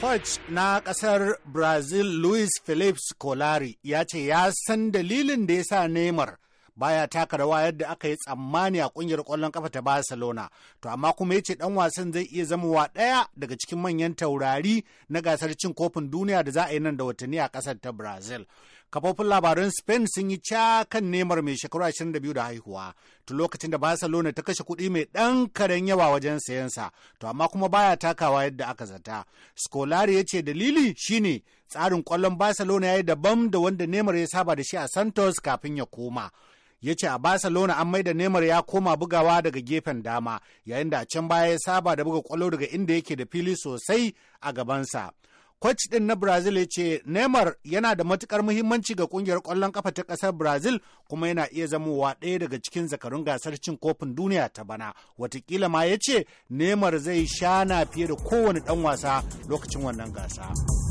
Coach na kasar Brazil Luis Felipe Scolari ya ce ya san dalilin da ya sa Neymar baya taka rawa yadda aka yi tsammani a kungiyar kwallon kafa ta Barcelona. To amma kuma ya ce dan wasan zai iya zama wa ɗaya daga cikin manyan taurari na gasar cin kofin duniya da za a yi nan da watanni a ƙasar ta Brazil. kafofin labarin Spain sun yi cakan nemar mai shekaru 22 da haihuwa tun lokacin da Barcelona ta kashe kuɗi mai ɗan karen yawa wajen sayansa, to amma kuma baya takawa yadda aka zata. Scolari ya ce dalili shine tsarin kwallon Barcelona ya yi daban da wanda nemar ya saba da shi a Santos kafin ya koma. ya ce a Barcelona an maida Neymar ya koma bugawa daga gefen dama yayin da a can baya ya saba da buga kwallo daga inda yake da fili sosai a gabansa. kwaci din na Brazil ya ce Neymar yana da matukar muhimmanci ga kungiyar ƙwallon kafa ta ƙasar Brazil kuma yana iya zamowa ɗaya daga cikin zakarun gasar cin kofin duniya ta bana. Watakila ma ya ce Neymar zai shana fiye da kowane ɗan wasa lokacin wannan gasa.